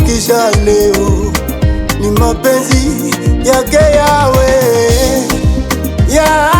kunifikisha leo ni mapenzi yake yawe yeah.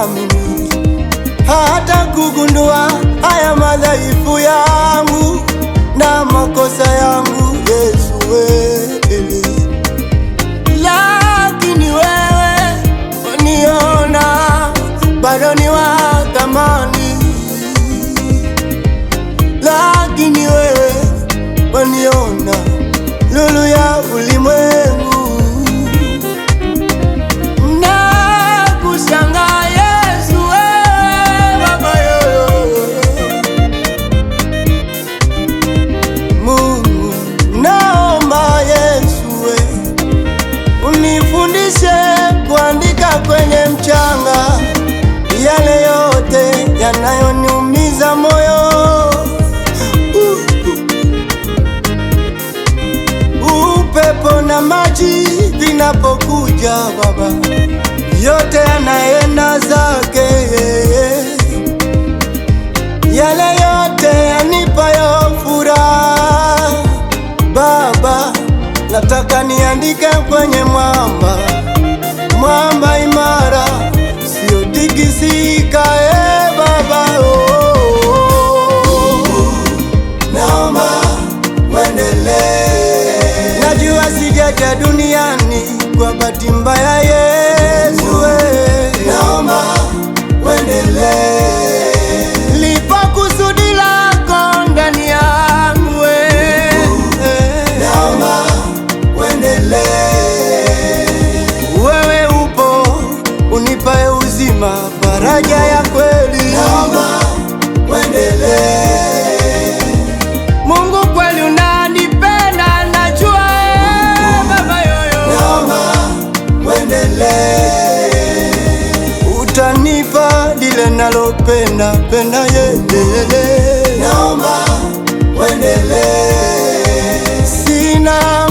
kuamini, hata kugundua haya madhaifu yangu na makosa yangu, Yesu weli. Lakini wewe bado ni wa thamani, lakini wewe waniona lulu ya ulimwengu Vipaji vinapokuja Baba, yote yanaenda zake, yale lile nalopenda penda yeye, naomba uendelee sina